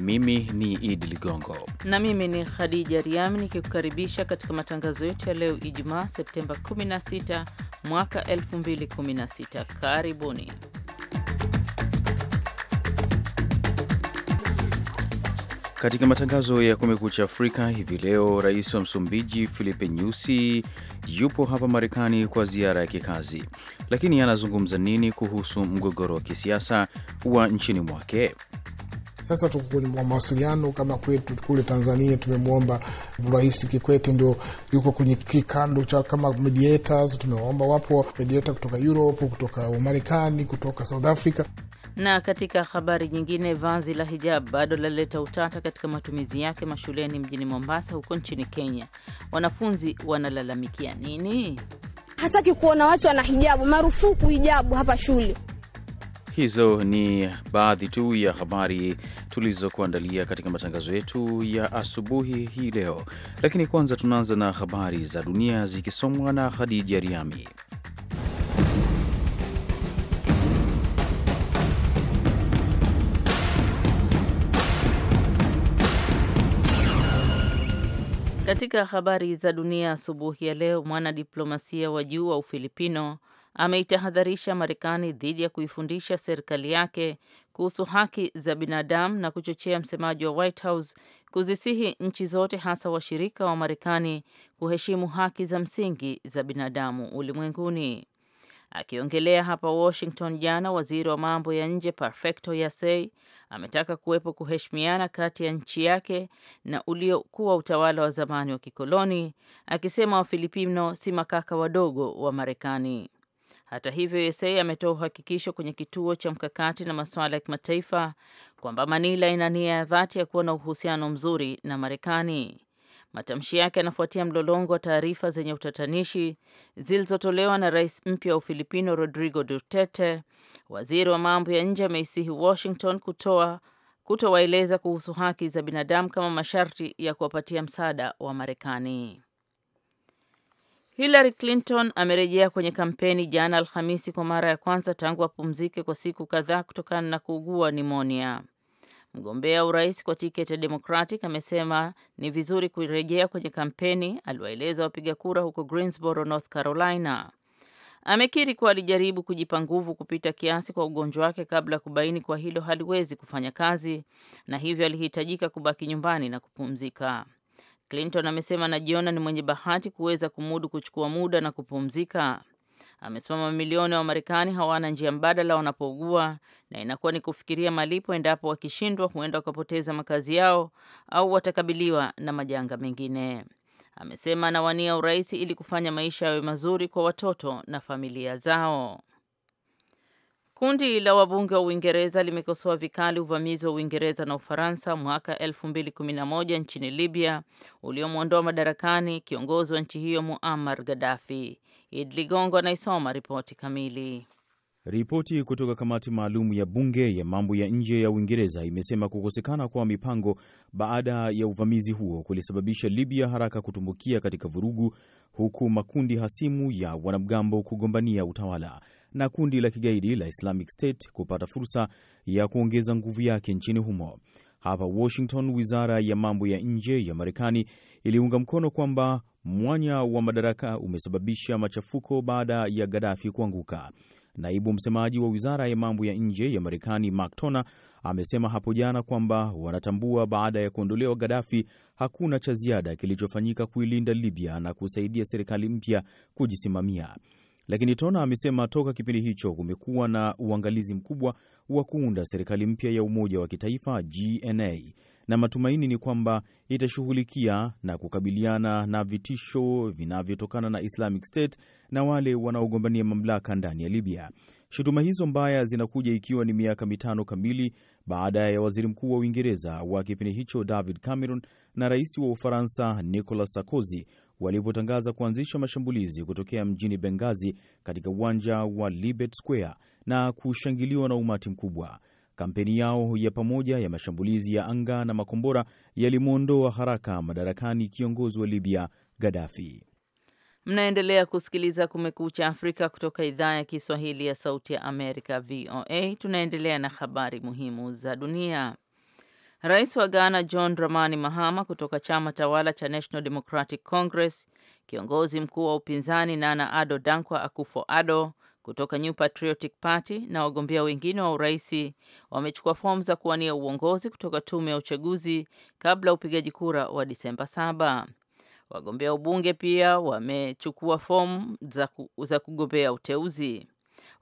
Mimi ni Idi Ligongo na mimi ni Khadija Riami nikikukaribisha katika matangazo yetu ya leo Ijumaa, Septemba 16 mwaka 2016. Karibuni. Katika matangazo ya Kumekucha Afrika hivi leo, rais wa Msumbiji Filipe Nyusi yupo hapa Marekani kwa ziara ya kikazi, lakini anazungumza nini kuhusu mgogoro wa kisiasa wa nchini mwake? Sasa tuko kwenye mawasiliano kama kwetu kule Tanzania, tumemwomba Rais Kikwete, ndio yuko kwenye kikando cha kama mediators. Tumewaomba, wapo mediator kutoka Europe, kutoka Umarekani, kutoka South Africa. Na katika habari nyingine, vazi la hijab bado laleta utata katika matumizi yake mashuleni mjini Mombasa huko nchini Kenya. Wanafunzi wanalalamikia nini? Hataki kuona watu wana hijabu, marufuku hijabu hapa shule. Hizo ni baadhi tu ya habari tulizokuandalia katika matangazo yetu ya asubuhi hii leo, lakini kwanza tunaanza na habari za dunia zikisomwa na Khadija Riami. Katika habari za dunia asubuhi ya leo, mwanadiplomasia wa juu wa Ufilipino ameitahadharisha Marekani dhidi ya kuifundisha serikali yake kuhusu haki za binadamu na kuchochea msemaji wa White House kuzisihi nchi zote hasa washirika wa, wa Marekani kuheshimu haki za msingi za binadamu ulimwenguni. Akiongelea hapa Washington jana, waziri wa mambo ya nje Perfecto Yasei ametaka kuwepo kuheshimiana kati ya nchi yake na uliokuwa utawala wa zamani wa kikoloni, akisema Wafilipino si makaka wadogo wa Marekani. Hata hivyo, USA ametoa uhakikisho kwenye kituo cha mkakati na masuala ya kimataifa kwamba Manila ina nia ya dhati ya kuwa na uhusiano mzuri na Marekani. Matamshi yake yanafuatia mlolongo wa taarifa zenye utatanishi zilizotolewa na rais mpya wa Ufilipino Rodrigo Duterte. Waziri wa mambo ya nje ameisihi Washington kutoa kutowaeleza kuhusu haki za binadamu kama masharti ya kuwapatia msaada wa Marekani. Hillary Clinton amerejea kwenye kampeni jana Alhamisi kwa mara ya kwanza tangu apumzike kwa siku kadhaa kutokana na kuugua nimonia. Mgombea urais kwa tiketi ya Democratic amesema ni vizuri kurejea kwenye kampeni, aliwaeleza wapiga kura huko Greensboro, North Carolina. Amekiri kuwa alijaribu kujipa nguvu kupita kiasi kwa ugonjwa wake kabla ya kubaini kuwa hilo haliwezi kufanya kazi na hivyo alihitajika kubaki nyumbani na kupumzika. Clinton amesema anajiona ni mwenye bahati kuweza kumudu kuchukua muda na kupumzika. Amesema mamilioni wa Marekani hawana njia mbadala wanapougua na inakuwa ni kufikiria malipo. Endapo wakishindwa, huenda wakapoteza makazi yao au watakabiliwa na majanga mengine. Amesema anawania urais ili kufanya maisha yawe mazuri kwa watoto na familia zao. Kundi la wabunge wa Uingereza limekosoa vikali uvamizi wa Uingereza na Ufaransa mwaka 2011 nchini Libya uliomwondoa madarakani kiongozi wa nchi hiyo Muammar Gaddafi. id Ligongo anaisoma ripoti kamili. Ripoti kutoka kamati maalum ya bunge ya mambo ya nje ya Uingereza imesema kukosekana kwa mipango baada ya uvamizi huo kulisababisha Libya haraka kutumbukia katika vurugu, huku makundi hasimu ya wanamgambo kugombania utawala na kundi la kigaidi la Islamic State kupata fursa ya kuongeza nguvu yake nchini humo. Hapa Washington, wizara ya mambo ya nje ya Marekani iliunga mkono kwamba mwanya wa madaraka umesababisha machafuko baada ya Gaddafi kuanguka. Naibu msemaji wa wizara ya mambo ya nje ya Marekani Mark Tona amesema hapo jana kwamba wanatambua baada ya kuondolewa Gaddafi hakuna cha ziada kilichofanyika kuilinda Libya na kusaidia serikali mpya kujisimamia. Lakini Tona amesema toka kipindi hicho kumekuwa na uangalizi mkubwa wa kuunda serikali mpya ya umoja wa kitaifa GNA, na matumaini ni kwamba itashughulikia na kukabiliana na vitisho vinavyotokana na Islamic State na wale wanaogombania mamlaka ndani ya Libya. Shutuma hizo mbaya zinakuja ikiwa ni miaka mitano kamili baada ya waziri mkuu wa Uingereza wa kipindi hicho David Cameron na rais wa Ufaransa Nicolas Sarkozy walipotangaza kuanzisha mashambulizi kutokea mjini Benghazi katika uwanja wa Libet Square na kushangiliwa na umati mkubwa. Kampeni yao ya pamoja ya mashambulizi ya anga na makombora yalimwondoa haraka madarakani kiongozi wa Libya Gaddafi. Mnaendelea kusikiliza Kumekucha Afrika kutoka idhaa ya Kiswahili ya Sauti ya Amerika, VOA. Tunaendelea na habari muhimu za dunia. Rais wa Ghana John Dramani Mahama kutoka chama tawala cha National Democratic Congress, kiongozi mkuu wa upinzani Nana Ado Dankwa akufo ado kutoka New Patriotic Party na wagombea wengine wa uraisi wamechukua fomu za kuwania uongozi kutoka tume ya uchaguzi kabla upigaji kura wa Disemba 7. Wagombea ubunge pia wamechukua fomu za kugombea uteuzi.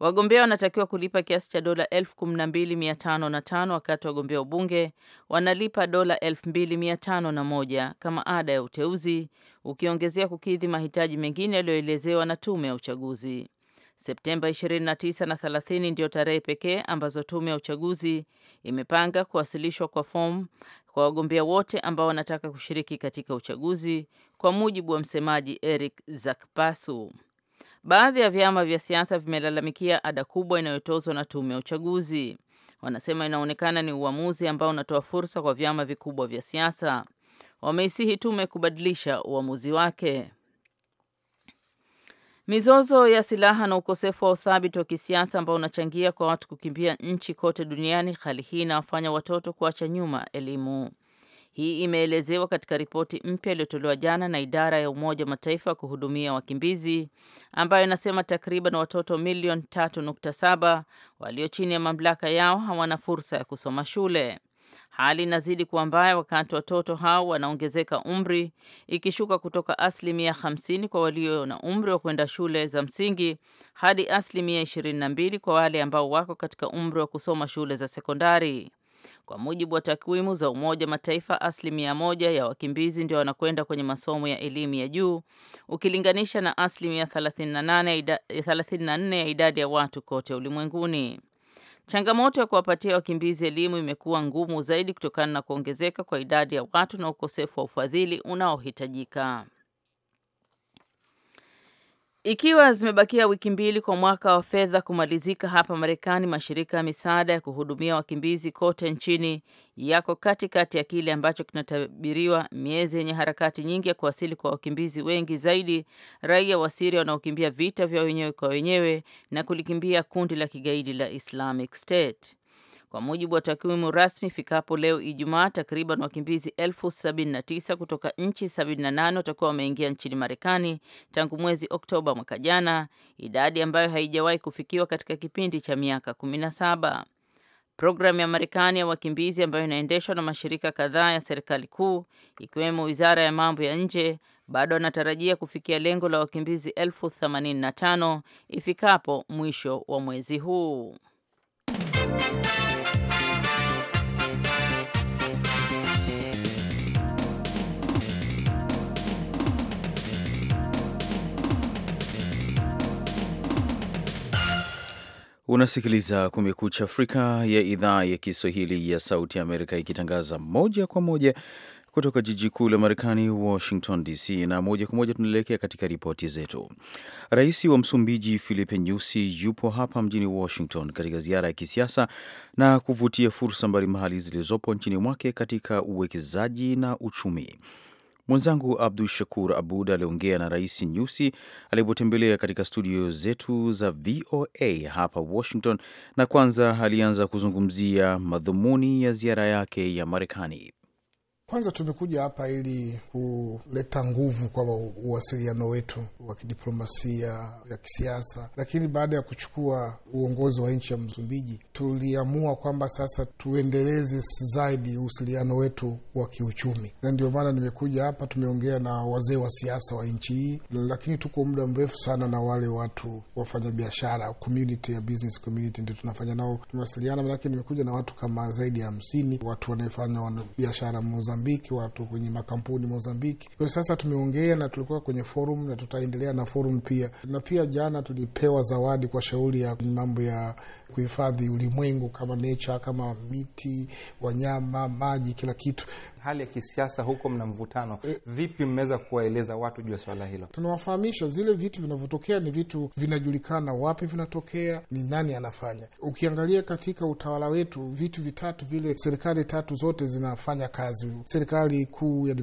Wagombea wanatakiwa kulipa kiasi cha dola 12505 wakati wagombea ubunge wanalipa dola 2501 kama ada ya uteuzi, ukiongezea kukidhi mahitaji mengine yaliyoelezewa na tume ya uchaguzi. Septemba 29 na 30 ndiyo tarehe pekee ambazo tume ya uchaguzi imepanga kuwasilishwa kwa fomu kwa wagombea wote ambao wanataka kushiriki katika uchaguzi, kwa mujibu wa msemaji Eric Zakpasu. Baadhi ya vyama vya siasa vimelalamikia ada kubwa inayotozwa na tume ya uchaguzi. Wanasema inaonekana ni uamuzi ambao unatoa fursa kwa vyama vikubwa vya siasa. Wameisihi tume kubadilisha uamuzi wake. Mizozo ya silaha na ukosefu wa uthabiti wa kisiasa ambao unachangia kwa watu kukimbia nchi kote duniani, hali hii inawafanya watoto kuacha nyuma elimu. Hii imeelezewa katika ripoti mpya iliyotolewa jana na idara ya Umoja wa Mataifa ya kuhudumia wakimbizi ambayo inasema takriban watoto milioni 3.7 walio chini ya mamlaka yao hawana fursa ya kusoma shule. Hali inazidi kuwa mbaya wakati watoto hao wanaongezeka umri, ikishuka kutoka asilimia 50 kwa walio na umri wa kwenda shule za msingi hadi asilimia 22 kwa wale ambao wako katika umri wa kusoma shule za sekondari. Kwa mujibu wa takwimu za Umoja Mataifa, asilimia moja ya wakimbizi ndio wanakwenda kwenye masomo ya elimu ya juu ukilinganisha na asilimia 34 ya idadi ya watu kote ulimwenguni. Changamoto ya kuwapatia wakimbizi elimu imekuwa ngumu zaidi kutokana na kuongezeka kwa idadi ya watu na ukosefu wa ufadhili unaohitajika. Ikiwa zimebakia wiki mbili kwa mwaka wa fedha kumalizika hapa Marekani, mashirika ya misaada ya kuhudumia wakimbizi kote nchini yako katikati ya kile ambacho kinatabiriwa miezi yenye harakati nyingi ya kuwasili kwa wakimbizi wengi zaidi, raia wa Siria wanaokimbia vita vya wenyewe kwa wenyewe na kulikimbia kundi la kigaidi la Islamic State. Kwa mujibu wa takwimu rasmi, ifikapo leo Ijumaa, takriban wakimbizi elfu kutoka nchi 78 watakuwa wameingia nchini Marekani tangu mwezi Oktoba mwaka jana, idadi ambayo haijawahi kufikiwa katika kipindi cha miaka 17. Programu ya Marekani ya wakimbizi ambayo inaendeshwa na mashirika kadhaa ya serikali kuu ikiwemo Wizara ya Mambo ya Nje bado anatarajia kufikia lengo la wakimbizi elfu themanini na tano ifikapo mwisho wa mwezi huu. Unasikiliza Kumekucha Afrika ya idhaa ya Kiswahili ya Sauti ya Amerika, ikitangaza moja kwa moja kutoka jiji kuu la Marekani, Washington DC. Na moja kwa moja tunaelekea katika ripoti zetu. Rais wa Msumbiji Filipe Nyusi yupo hapa mjini Washington katika ziara ya kisiasa na kuvutia fursa mbalimbali zilizopo nchini mwake katika uwekezaji na uchumi. Mwenzangu Abdu Shakur Abud aliongea na Rais Nyusi alipotembelea katika studio zetu za VOA hapa Washington, na kwanza alianza kuzungumzia madhumuni ya ziara yake ya Marekani. Kwanza tumekuja hapa ili kuleta nguvu kwa uwasiliano wetu wa kidiplomasia ya kisiasa, lakini baada ya kuchukua uongozi wa nchi ya Msumbiji tuliamua kwamba sasa tuendeleze zaidi uwasiliano wetu wa kiuchumi, na ndio maana nimekuja hapa. Tumeongea na wazee wa siasa wa nchi hii, lakini tuko muda mrefu sana na wale watu wafanyabiashara, community ya business community, ndio tunafanya nao, tumewasiliana. Manake nimekuja na watu kama zaidi ya hamsini, watu wanaefanya biashara Mozambiki, watu kwenye makampuni Mozambiki. Kwa sasa tumeongea na tulikuwa kwenye forum na tutaendelea na forum pia, na pia jana tulipewa zawadi kwa shauri ya mambo ya kuhifadhi ulimwengu kama nature, kama miti, wanyama, maji, kila kitu. Hali ya kisiasa huko mna mvutano e, vipi mmeweza kuwaeleza watu juu ya swala hilo? Tunawafahamisha zile vitu vinavyotokea ni vitu vinajulikana, wapi vinatokea, ni nani anafanya. Ukiangalia katika utawala wetu, vitu vitatu vile, serikali tatu zote zinafanya kazi. Serikali kuu ya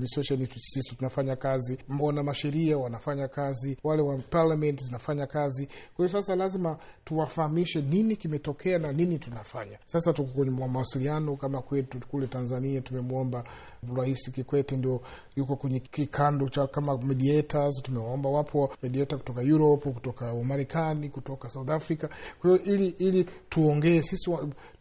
sisi tunafanya kazi, mbona masheria wanafanya kazi, wale wa parliament zinafanya kazi. Kwa hiyo sasa lazima tuwafahamishe nini kime kimetokea na nini tunafanya. Sasa tuko kwenye mawasiliano kama kwetu kule Tanzania, tumemwomba Rais Kikwete ndio yuko kwenye kikando cha kama mediators. Tumewaomba, wapo mediator kutoka Europe, kutoka Umarekani, kutoka South Africa. Kwa hiyo ili ili tuongee sisi,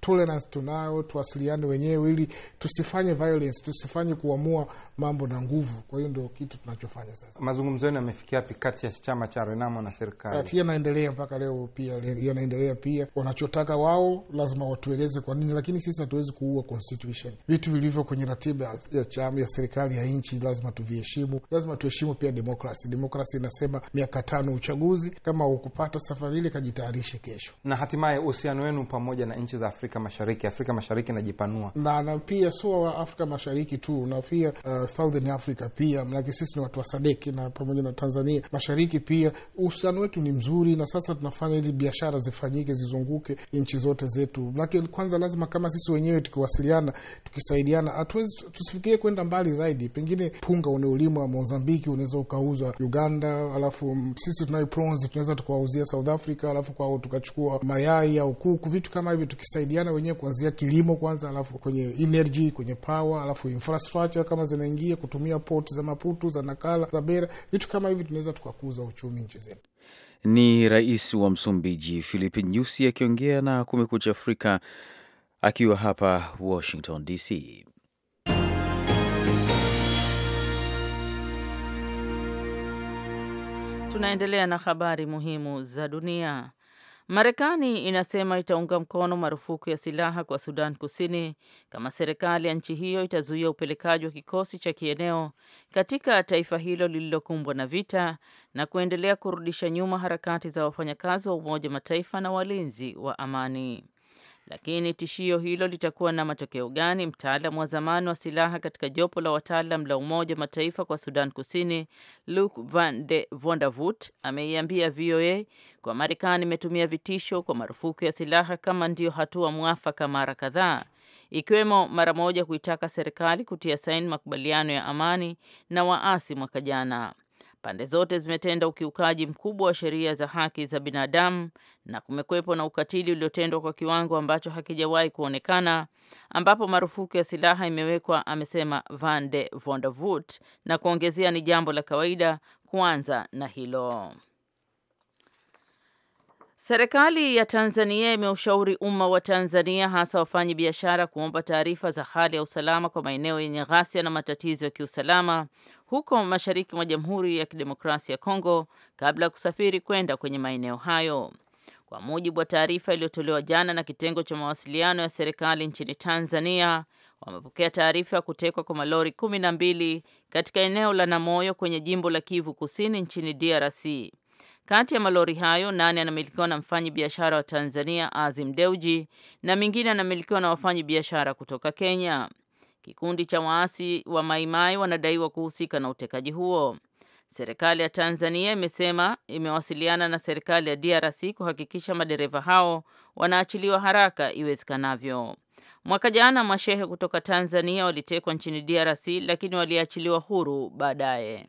tolerance tunayo, tuwasiliane wenyewe ili tusifanye violence, tusifanye kuamua mambo na nguvu. Kwa hiyo ndio kitu tunachofanya sasa. Mazungumzo yenu yamefikia wapi kati ya chama cha Renamo na serikali? Pia naendelea mpaka leo, pia yanaendelea. Pia wanachotaka wao lazima watueleze kwa nini, lakini sisi hatuwezi kuua constitution, vitu vilivyo kwenye ratiba ya chama ya serikali ya nchi lazima tuviheshimu, lazima tuheshimu pia demokrasi. Demokrasi inasema miaka tano uchaguzi, kama ukupata safari ile kajitayarishe kesho. Na hatimaye uhusiano wenu pamoja na nchi za Afrika Mashariki, Afrika Mashariki inajipanua na, na pia sio wa Afrika Mashariki tu na pia uh, Southern Africa pia, manake sisi ni watu wa Sadeki na pamoja na Tanzania Mashariki pia uhusiano wetu ni mzuri, na sasa tunafanya ili biashara zifanyike zizunguke nchi zote zetu, manake kwanza lazima kama sisi wenyewe tukiwasiliana, tukisaidiana hatuwezi tufikirie kwenda mbali zaidi, pengine punga unaolimwa Mozambiki unaweza ukauzwa Uganda, alafu sisi tunayo prawns tunaweza tukawauzia South Africa, alafu kwao tukachukua mayai au kuku, vitu kama hivyo, tukisaidiana wenyewe kuanzia kilimo kwanza, alafu kwenye energy, kwenye power, alafu infrastructure kama zinaingia kutumia port za maputu za Nakala, za bera vitu kama hivi, tunaweza tukakuza uchumi nchi zetu. Ni rais wa Msumbiji Philip Nyusi akiongea na Kumekucha Afrika akiwa hapa Washington DC. Tunaendelea na habari muhimu za dunia. Marekani inasema itaunga mkono marufuku ya silaha kwa Sudan Kusini kama serikali ya nchi hiyo itazuia upelekaji wa kikosi cha kieneo katika taifa hilo lililokumbwa na vita na kuendelea kurudisha nyuma harakati za wafanyakazi wa Umoja Mataifa na walinzi wa amani. Lakini tishio hilo litakuwa na matokeo gani? Mtaalamu wa zamani wa silaha katika jopo la wataalam la Umoja Mataifa kwa Sudan Kusini, luk Van de Vondavut, ameiambia VOA kwa Marekani imetumia vitisho kwa marufuku ya silaha kama ndiyo hatua mwafaka mara kadhaa, ikiwemo mara moja kuitaka serikali kutia saini makubaliano ya amani na waasi mwaka jana. Pande zote zimetenda ukiukaji mkubwa wa sheria za haki za binadamu na kumekwepo na ukatili uliotendwa kwa kiwango ambacho hakijawahi kuonekana, ambapo marufuku ya silaha imewekwa, amesema Van de Vondervoot, na kuongezea ni jambo la kawaida kuanza na hilo. Serikali ya Tanzania imeushauri umma wa Tanzania hasa wafanyi biashara kuomba taarifa za hali ya usalama kwa maeneo yenye ghasia na matatizo ya kiusalama huko mashariki mwa Jamhuri ya Kidemokrasia ya Kongo kabla ya kusafiri kwenda kwenye maeneo hayo. Kwa mujibu wa taarifa iliyotolewa jana na kitengo cha mawasiliano ya serikali nchini Tanzania, wamepokea taarifa ya kutekwa kwa malori kumi na mbili katika eneo la Namoyo kwenye jimbo la Kivu Kusini nchini DRC. Kati ya malori hayo, nane anamilikiwa na mfanyi biashara wa Tanzania Azim Deuji na mingine anamilikiwa na wafanyi biashara kutoka Kenya. Kikundi cha waasi wa Maimai wanadaiwa kuhusika na utekaji huo. Serikali ya Tanzania imesema imewasiliana na serikali ya DRC kuhakikisha madereva hao wanaachiliwa haraka iwezekanavyo. Mwaka jana mashehe kutoka Tanzania walitekwa nchini DRC lakini waliachiliwa huru baadaye.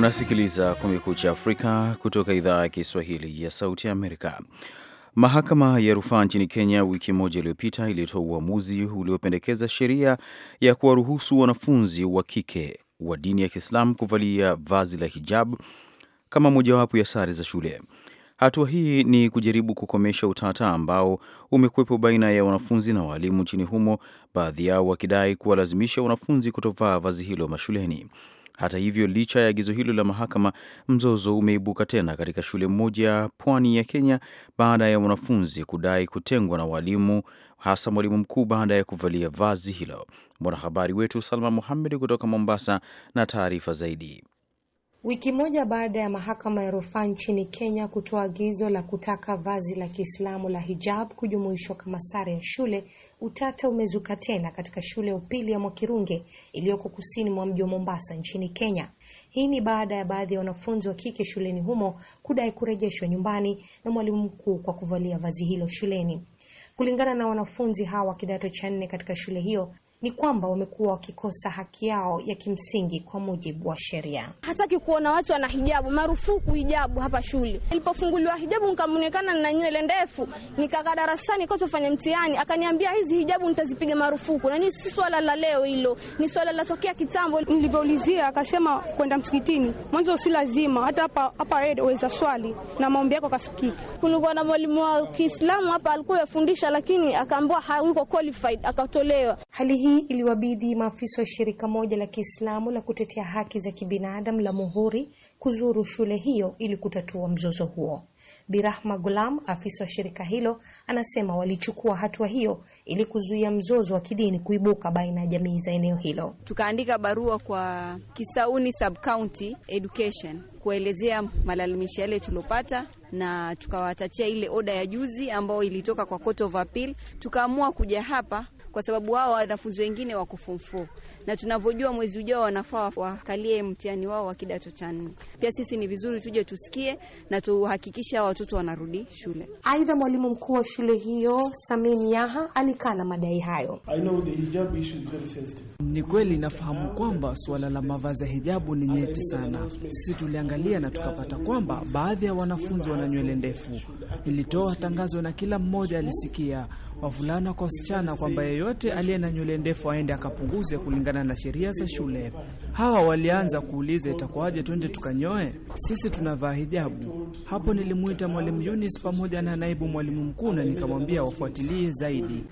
Unasikiliza Kumekucha Afrika kutoka idhaa ya Kiswahili ya Sauti ya Amerika. Mahakama ya rufaa nchini Kenya wiki moja iliyopita ilitoa uamuzi uliopendekeza sheria ya kuwaruhusu wanafunzi wa kike wa dini ya Kiislamu kuvalia vazi la hijab kama mojawapo ya sare za shule. Hatua hii ni kujaribu kukomesha utata ambao umekuwepo baina ya wanafunzi na waalimu nchini humo, baadhi yao wakidai kuwalazimisha wanafunzi kutovaa vazi hilo mashuleni. Hata hivyo, licha ya agizo hilo la mahakama, mzozo umeibuka tena katika shule moja pwani ya Kenya baada ya wanafunzi kudai kutengwa na walimu, hasa mwalimu mkuu baada ya kuvalia vazi hilo. Mwanahabari wetu Salma Muhamed kutoka Mombasa na taarifa zaidi. Wiki moja baada ya mahakama ya rufaa nchini Kenya kutoa agizo la kutaka vazi la Kiislamu la hijab kujumuishwa kama sare ya shule, utata umezuka tena katika shule ya upili ya Mwakirunge iliyoko kusini mwa mji wa Mombasa nchini Kenya. Hii ni baada ya baadhi ya wanafunzi wa kike shuleni humo kudai kurejeshwa nyumbani na mwalimu mkuu kwa kuvalia vazi hilo shuleni. Kulingana na wanafunzi hawa wa kidato cha nne katika shule hiyo, ni kwamba wamekuwa wakikosa haki yao ya kimsingi kwa mujibu wa sheria. Hataki kuona watu wana hijabu, marufuku hijabu hapa shule. Nilipofunguliwa hijabu nikamonekana na nywele ndefu, nikakaa darasani kwa kotofanya mtihani, akaniambia hizi hijabu nitazipiga marufuku, na si swala la leo hilo, ni swala la tokea kitambo. Nilivyoulizia akasema kwenda msikitini mwanzo si lazima, hata hapa hapa weza swali na maombi yako kasikika. Kulikuwa na mwalimu wa Kiislamu hapa alikuwa yafundisha, lakini akaambiwa hayuko qualified, akatolewa hali hii hii iliwabidi maafisa wa shirika moja la Kiislamu la kutetea haki za kibinadamu la Muhuri kuzuru shule hiyo ili kutatua mzozo huo. Birahma Gulam, afisa wa shirika hilo, anasema walichukua hatua hiyo ili kuzuia mzozo wa kidini kuibuka baina ya jamii za eneo hilo. Tukaandika barua kwa Kisauni Sub County Education kuelezea malalamisho yale tuliopata, na tukawatachia ile oda ya juzi ambayo ilitoka kwa Court of Appeal. Tukaamua kuja hapa kwa sababu wao wanafunzi wengine wako form 4 na tunavyojua mwezi ujao wanafaa wakalie mtihani wao wa kidato cha nne. Pia sisi ni vizuri tuje tusikie na tuhakikishe hawa watoto wanarudi shule. Aidha, mwalimu mkuu wa shule hiyo Samin Yaha na madai hayo. Ni kweli nafahamu kwamba suala la mavazi ya hijabu ni nyeti sana. Sisi tuliangalia na tukapata kwamba baadhi ya wanafunzi wana nywele ndefu. Nilitoa tangazo na kila mmoja alisikia, wavulana kwa wasichana, kwamba yeyote aliye na nywele ndefu aende akapunguze kulingana kulingana na sheria za shule. Hawa walianza kuuliza itakuwaje, twende tukanyoe, sisi tunavaa hijabu. Hapo nilimwita mwalimu Yunis pamoja na naibu mwalimu mkuu na nikamwambia wafuatilie zaidi.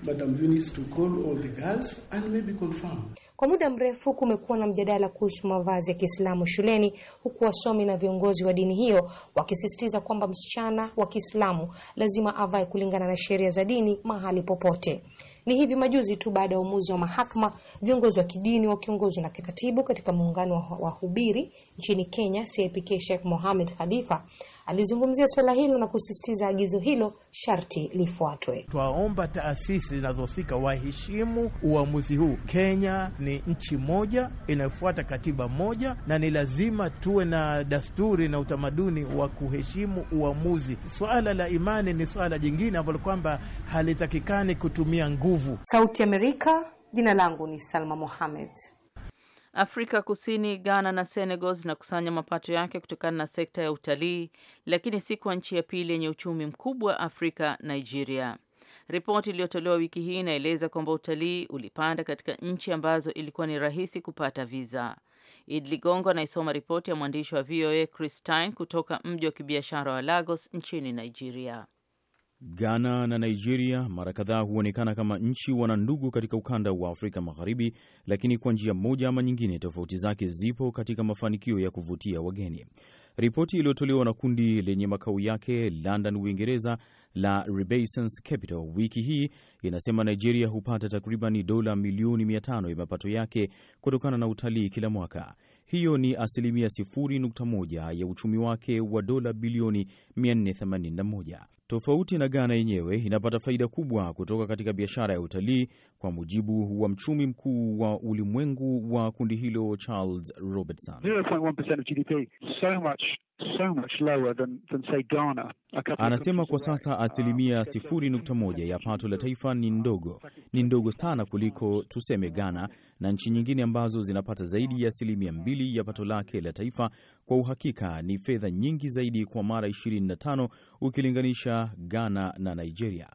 Kwa muda mrefu kumekuwa na mjadala kuhusu mavazi ya Kiislamu shuleni, huku wasomi na viongozi wa dini hiyo wakisisitiza kwamba msichana wa Kiislamu lazima avae kulingana na sheria za dini mahali popote. Ni hivi majuzi tu baada ya uamuzi wa mahakama, viongozi wa kidini wakiongozwa na kikatibu katika muungano wa wahubiri nchini Kenya, CPK Sheikh Mohamed Khalifa Alizungumzia suala hilo na kusisitiza agizo hilo sharti lifuatwe. Twaomba taasisi zinazohusika waheshimu uamuzi huu. Kenya ni nchi moja inayofuata katiba moja, na ni lazima tuwe na dasturi na utamaduni wa kuheshimu uamuzi. Swala la imani ni swala jingine ambalo kwamba halitakikani kutumia nguvu. Sauti Amerika, jina langu ni Salma Mohamed. Afrika Kusini, Ghana na Senegal zinakusanya mapato yake kutokana na sekta ya utalii, lakini si kwa nchi ya pili yenye uchumi mkubwa Afrika, Nigeria. Ripoti iliyotolewa wiki hii inaeleza kwamba utalii ulipanda katika nchi ambazo ilikuwa ni rahisi kupata viza. Id Ligongo anaisoma ripoti ya mwandishi wa VOA Christine kutoka mji wa kibiashara wa Lagos nchini Nigeria. Ghana na Nigeria mara kadhaa huonekana kama nchi wana ndugu katika ukanda wa Afrika Magharibi, lakini kwa njia moja ama nyingine tofauti zake zipo katika mafanikio ya kuvutia wageni. Ripoti iliyotolewa na kundi lenye makao yake London, Uingereza la Renaissance Capital wiki hii inasema Nigeria hupata takriban dola milioni 500 ya mapato yake kutokana na utalii kila mwaka. Hiyo ni asilimia 0.1 ya uchumi wake wa dola bilioni 481. Tofauti na Ghana yenyewe inapata faida kubwa kutoka katika biashara ya utalii kwa mujibu wa mchumi mkuu wa ulimwengu wa kundi hilo Charles Robertson. Anasema kwa sasa uh, asilimia sifuri nukta moja ya pato la taifa ni ndogo, ni ndogo sana kuliko tuseme Ghana na nchi nyingine ambazo zinapata zaidi ya asilimia mbili ya pato lake la taifa. Kwa uhakika ni fedha nyingi zaidi kwa mara 25 ukilinganisha Ghana na Nigeria.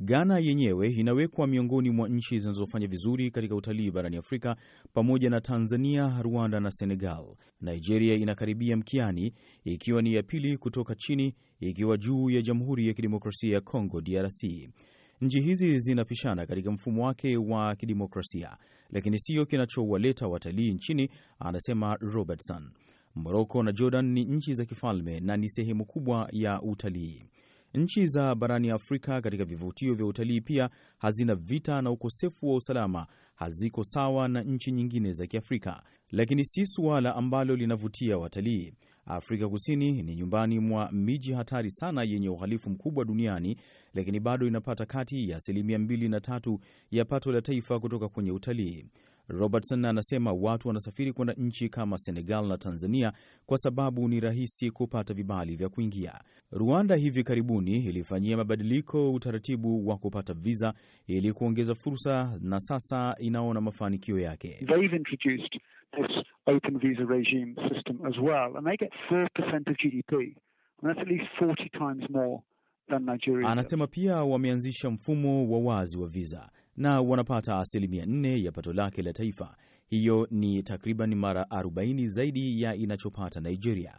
Ghana yenyewe inawekwa miongoni mwa nchi zinazofanya vizuri katika utalii barani Afrika pamoja na Tanzania, Rwanda na Senegal. Nigeria inakaribia mkiani ikiwa ni ya pili kutoka chini, ikiwa juu ya Jamhuri ya Kidemokrasia ya Kongo DRC. Nchi hizi zinapishana katika mfumo wake wa kidemokrasia, lakini siyo kinachowaleta watalii nchini, anasema Robertson. Moroko na Jordan ni nchi za kifalme na ni sehemu kubwa ya utalii. Nchi za barani Afrika katika vivutio vya utalii pia hazina vita na ukosefu wa usalama haziko sawa na nchi nyingine za Kiafrika, lakini si suala ambalo linavutia watalii. Afrika Kusini ni nyumbani mwa miji hatari sana yenye uhalifu mkubwa duniani, lakini bado inapata kati ya asilimia mbili na tatu ya pato la taifa kutoka kwenye utalii. Robertson anasema watu wanasafiri kwenda nchi kama Senegal na Tanzania kwa sababu ni rahisi kupata vibali vya kuingia. Rwanda hivi karibuni ilifanyia mabadiliko utaratibu wa kupata viza ili kuongeza fursa, na sasa inaona mafanikio yake. Anasema pia wameanzisha mfumo wa wazi wa viza na wanapata asilimia nne ya pato lake la taifa. Hiyo ni takriban mara 40 zaidi ya inachopata Nigeria.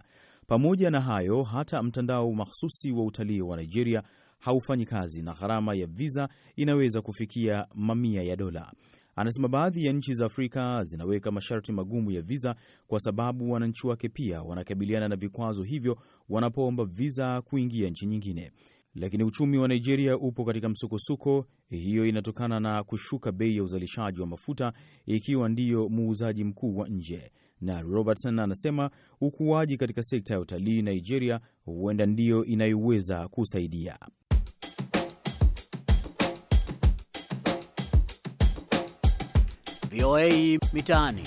Pamoja na hayo, hata mtandao mahsusi wa utalii wa Nigeria haufanyi kazi na gharama ya viza inaweza kufikia mamia ya dola. Anasema baadhi ya nchi za Afrika zinaweka masharti magumu ya viza kwa sababu wananchi wake pia wanakabiliana na vikwazo hivyo wanapoomba viza kuingia nchi nyingine lakini uchumi wa Nigeria upo katika msukosuko. Hiyo inatokana na kushuka bei ya uzalishaji wa mafuta, ikiwa ndiyo muuzaji mkuu wa nje. Na Robertson anasema ukuaji katika sekta ya utalii Nigeria huenda ndiyo inayoweza kusaidia. VOA Mitaani.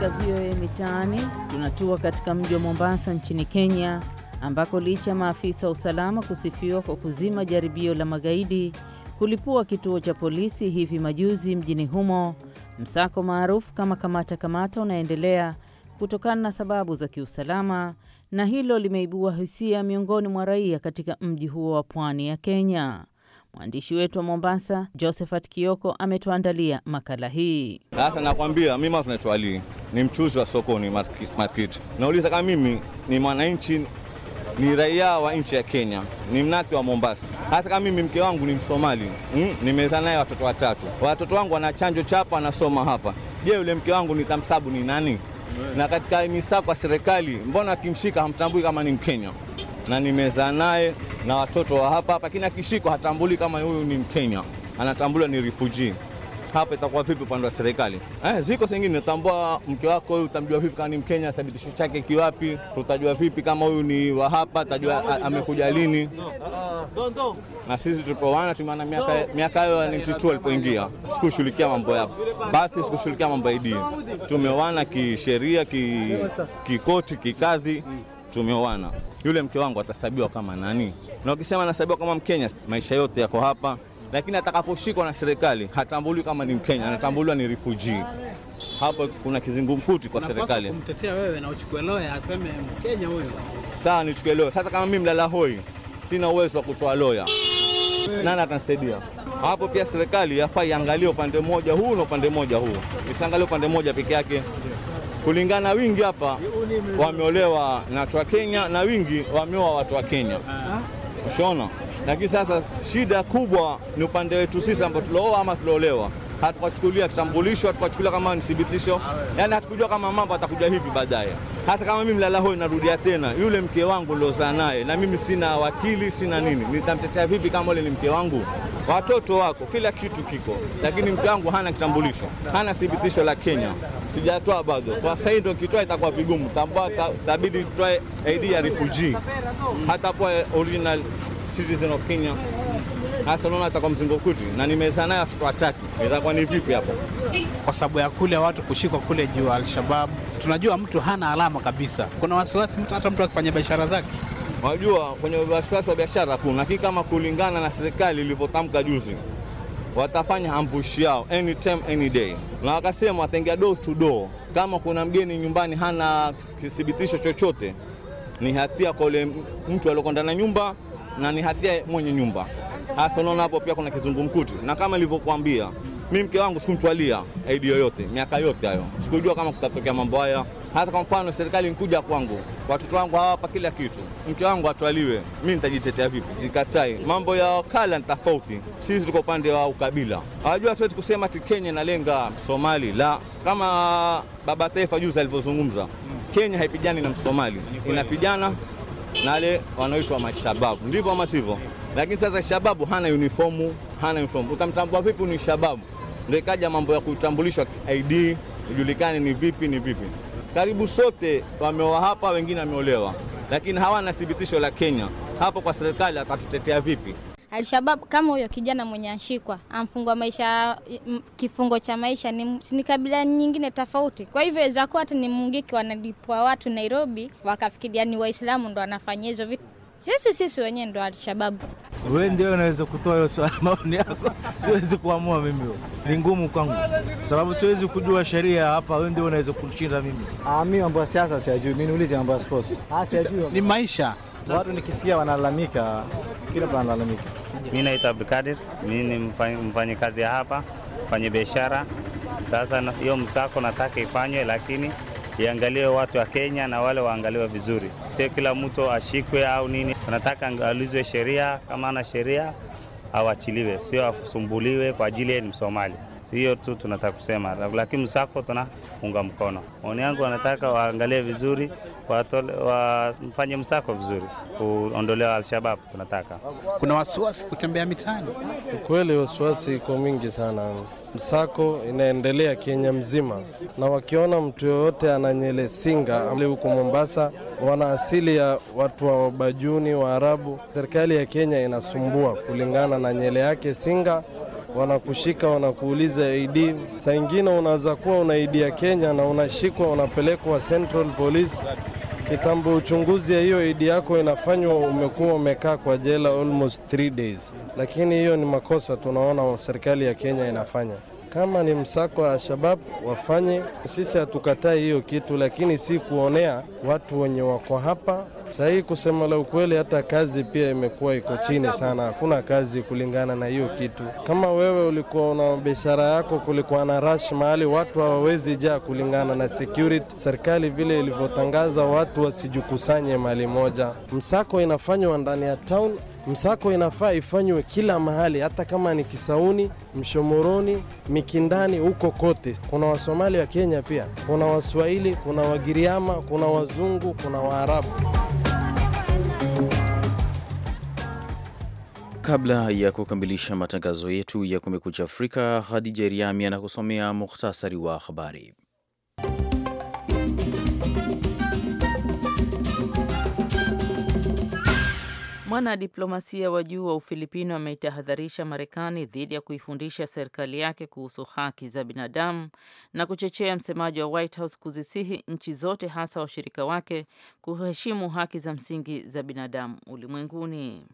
katika VOA Mitaani tunatua katika mji wa Mombasa nchini Kenya, ambako licha maafisa wa usalama kusifiwa kwa kuzima jaribio la magaidi kulipua kituo cha polisi hivi majuzi mjini humo, msako maarufu kama kamata kamata unaendelea kutokana na sababu za kiusalama, na hilo limeibua hisia miongoni mwa raia katika mji huo wa pwani ya Kenya. Mwandishi wetu wa Mombasa, Josephat Kioko, ametuandalia makala hii. Sasa nakwambia, mi mafu naitwa Ali, ni mchuzi wa sokoni market. Nauliza kama mimi ni mwananchi, ni raia wa nchi ya Kenya, ni mnati wa Mombasa. Hasa kama mimi mke wangu ni Msomali, mm, nimeza naye watoto watatu. Watoto wangu wana chanjo chapa, wanasoma hapa. Je, yule mke wangu nitamsabu ni nani? Na katika misako ya serikali, mbona akimshika hamtambui kama ni Mkenya? na nimezaa naye na watoto wa hapa hapa. Lakini akishikwa hatambuli kama huyu ni Mkenya, anatambuliwa ni refugee. Hapa itakuwa vipi upande wa serikali eh? Ziko zingine, natambua, mke wako huyu, utamjua vipi kama ni Mkenya? Thibitisho chake kiwapi? Tutajua vipi kama huyu ni wa hapa? Tajua amekuja lini? Na sisi tulipoana tumeana miaka hiyo ni 92 alipoingia, sikushughulikia mambo ya basi, sikushughulikia mambo ya ID. Tumewana kisheria, kikoti, kikadhi tumeoana, yule mke wangu atasabiwa kama nani? Na ukisema anasabiwa kama Mkenya, maisha yote yako hapa, lakini atakaposhikwa na serikali hatambuliwi kama ni Mkenya, anatambuliwa ni refugee. hapo kuna kizungumkuti kwa serikali. Kumtetea wewe na uchukue loya aseme Mkenya huyo. Sawa, nichukue loya. Sasa kama mimi mlala hoi, sina uwezo wa kutoa loya, nani atanisaidia? Hapo pia serikali yafaa iangalie upande mmoja huu na upande mmoja huu, isiangalie upande mmoja peke yake kulingana na wingi hapa wameolewa na watu wa Kenya na wingi wameoa watu wa Kenya, ushaona. Lakini sasa shida kubwa ni upande wetu sisi ambao tulooa ama tuloolewa, hatukachukulia kitambulisho, hatukachukulia kama ni thibitisho, yani hatukujua kama mambo atakuja hivi baadaye hata kama mimi mlala huyo, narudia tena, yule mke wangu niliozaa naye, na mimi sina wakili sina nini, nitamtetea vipi kama yule ni mke wangu? Watoto wako, kila kitu kiko, lakini mke wangu hana kitambulisho, hana thibitisho la Kenya, sijatoa bado. Kwa sasa hivi nikitoa itakuwa vigumu, tambua tabidi tutoe ID ya refugee, hata kwa original citizen of Kenya. Hasa unaona atakuwa mzingo kuti, na nimezaa naye watoto watatu, itakuwa ni vipi hapo? Kwa sababu ya kule watu kushikwa kule juu Alshabab tunajua mtu hana alama kabisa. Kuna wasiwasi mtu hata mtu akifanya biashara zake, unajua kwenye wasiwasi wa biashara kuna lakini, kama kulingana na serikali ilivyotamka juzi, watafanya ambush yao anytime any day, na wakasema wataingia door to door. Kama kuna mgeni nyumbani hana kithibitisho chochote, ni hatia kwa ule mtu aliyokwenda na nyumba na ni hatia mwenye nyumba. Hasa unaona hapo pia kuna kizungumkuti, na kama ilivyokuambia mimi mke wangu sikumtwalia aidi yoyote miaka yote hayo, sikujua kama kutatokea mambo haya. Hata kwa mfano serikali nkuja kwangu, watoto wangu hawapa kila kitu, mke wangu atwaliwe, mimi nitajitetea vipi? Sikatai. Mambo ya kala ni tofauti, sisi tuko upande wa ukabila. Hawajua, hatuwezi kusema ti Kenya inalenga Somali, la kama baba taifa juzi alivyozungumza, Kenya haipijani na Msomali, inapijana na wale wanaoitwa mashababu, ndivyo ama sivyo? Lakini sasa shababu hana uniformu, hana uniformu, utamtambua vipi ni shababu? Ndio ikaja mambo ya kutambulishwa ID, ijulikane ni vipi ni vipi. Karibu sote wameoa hapa, wengine wameolewa, lakini hawana thibitisho la Kenya. Hapo kwa serikali atatutetea vipi? Alshabab kama huyo kijana mwenye ashikwa amfungwa maisha kifungo cha maisha ni, ni kabila nyingine tofauti. Kwa hivyo weza kuwa hata ni mungiki wanalipwa watu Nairobi, wakafikiria ni Waislamu ndo wanafanya hizo vitu. Sisi sisi wenyewe ndo Alshababu. Wewe ndio unaweza kutoa hiyo swali, maoni yako siwezi kuamua mimi, ni ngumu kwangu sababu siwezi kujua sheria hapa. Wewe ndio unaweza kunishinda mimi. Ah, mimi mambo ya siasa siyajui, mimi niulize mambo ya sports. Ah, siyajui ni maisha. Watu nikisikia wanalalamika, kila mtu analalamika. Mimi naitwa Abdulkadir, mimi ni mfanyikazi hapa, mfanye biashara. Sasa hiyo msako nataka ifanywe, lakini iangaliwe watu wa Kenya na wale waangaliwe vizuri, sio kila mtu ashikwe au nini. Tunataka alizwe sheria, kama ana sheria awachiliwe, sio asumbuliwe kwa ajili yeye ni Msomali hiyo tu tunataka kusema, lakini msako tunaunga mkono. Maoni yangu wanataka waangalie vizuri, wafanye msako vizuri, kuondolewa Alshabab. Tunataka kuna wasiwasi kutembea mitaani, ukweli wasiwasi iko mingi sana. Msako inaendelea Kenya mzima, na wakiona mtu yoyote ananyele singa huko Mombasa, wana asili ya watu wa Wabajuni, arabu serikali ya Kenya inasumbua kulingana na nyele yake singa wanakushika wanakuuliza ID. Saa ingine unaweza kuwa una ID ya Kenya na unashikwa unapelekwa Central Police kitambo uchunguzi ya hiyo ID yako inafanywa, umekuwa umekaa kwa jela almost 3 days. Lakini hiyo ni makosa tunaona serikali ya Kenya inafanya. Kama ni msako wa al wafanye, sisi hatukatai hiyo kitu, lakini si kuonea watu wenye wako hapa Sahii kusema la ukweli, hata kazi pia imekuwa iko chini sana, hakuna kazi kulingana na hiyo kitu. Kama wewe ulikuwa una biashara yako, kulikuwa na rush mahali watu hawawezi jaa kulingana na security, serikali vile ilivyotangaza watu wasijikusanye mahali moja. Msako inafanywa ndani ya town Msako inafaa ifanywe kila mahali, hata kama ni Kisauni, Mshomoroni, Mikindani, huko kote. Kuna Wasomali wa Kenya pia, kuna Waswahili, kuna Wagiriama, kuna Wazungu, kuna Waarabu. Kabla ya kukamilisha matangazo yetu ya Kumekucha Afrika, Hadija Riami anakusomea muhtasari wa habari. Mwanadiplomasia wa juu wa Ufilipino ameitahadharisha Marekani dhidi ya kuifundisha serikali yake kuhusu haki za binadamu na kuchochea msemaji wa White House kuzisihi nchi zote, hasa washirika wake, kuheshimu haki za msingi za binadamu ulimwenguni.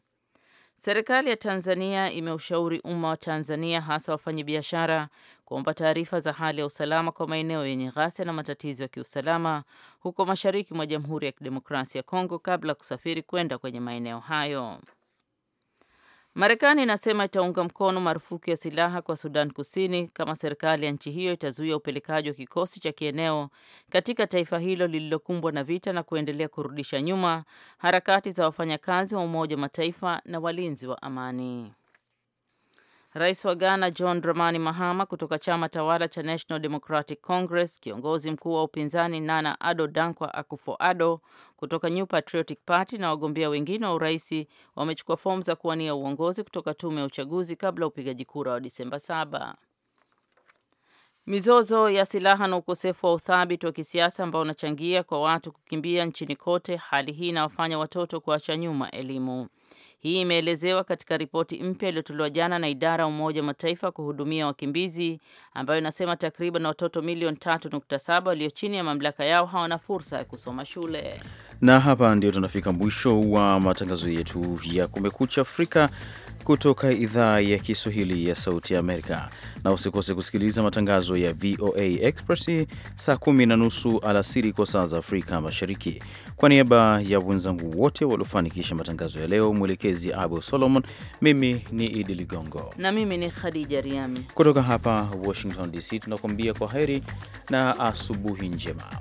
Serikali ya Tanzania imeushauri umma wa Tanzania hasa wafanyabiashara kuomba taarifa za hali ya usalama kwa maeneo yenye ghasia na matatizo ya kiusalama huko mashariki mwa Jamhuri ya Kidemokrasia ya Kongo kabla ya kusafiri kwenda kwenye maeneo hayo. Marekani inasema itaunga mkono marufuku ya silaha kwa Sudan Kusini kama serikali ya nchi hiyo itazuia upelekaji wa kikosi cha kieneo katika taifa hilo lililokumbwa na vita na kuendelea kurudisha nyuma harakati za wafanyakazi wa Umoja wa Mataifa na walinzi wa amani. Rais wa Ghana John Dramani Mahama kutoka chama tawala cha National Democratic Congress, kiongozi mkuu wa upinzani Nana Ado Dankwa Akufo-Addo kutoka New Patriotic Party na wagombea wengine wa urais wamechukua fomu za kuwania uongozi kutoka tume ya uchaguzi kabla ya upigaji kura wa Disemba 7. Mizozo ya silaha na ukosefu wa uthabiti wa kisiasa ambao unachangia kwa watu kukimbia nchini kote, hali hii inawafanya watoto kuacha nyuma elimu. Hii imeelezewa katika ripoti mpya iliyotolewa jana na idara ya Umoja wa Mataifa kuhudumia wakimbizi ambayo inasema takriban watoto milioni 3.7 walio chini ya mamlaka yao hawana fursa ya kusoma shule. Na hapa ndio tunafika mwisho wa matangazo yetu ya Kumekucha Afrika kutoka idhaa ya Kiswahili ya Sauti ya Amerika. Na usikose kusikiliza matangazo ya VOA Express saa kumi na nusu alasiri kwa saa za Afrika Mashariki. Kwa niaba ya wenzangu wote waliofanikisha matangazo ya leo, mwelekezi Abu Solomon, mimi ni Idi Ligongo na mimi ni Khadija Riami kutoka hapa Washington DC, tunakuambia kwa heri na asubuhi njema.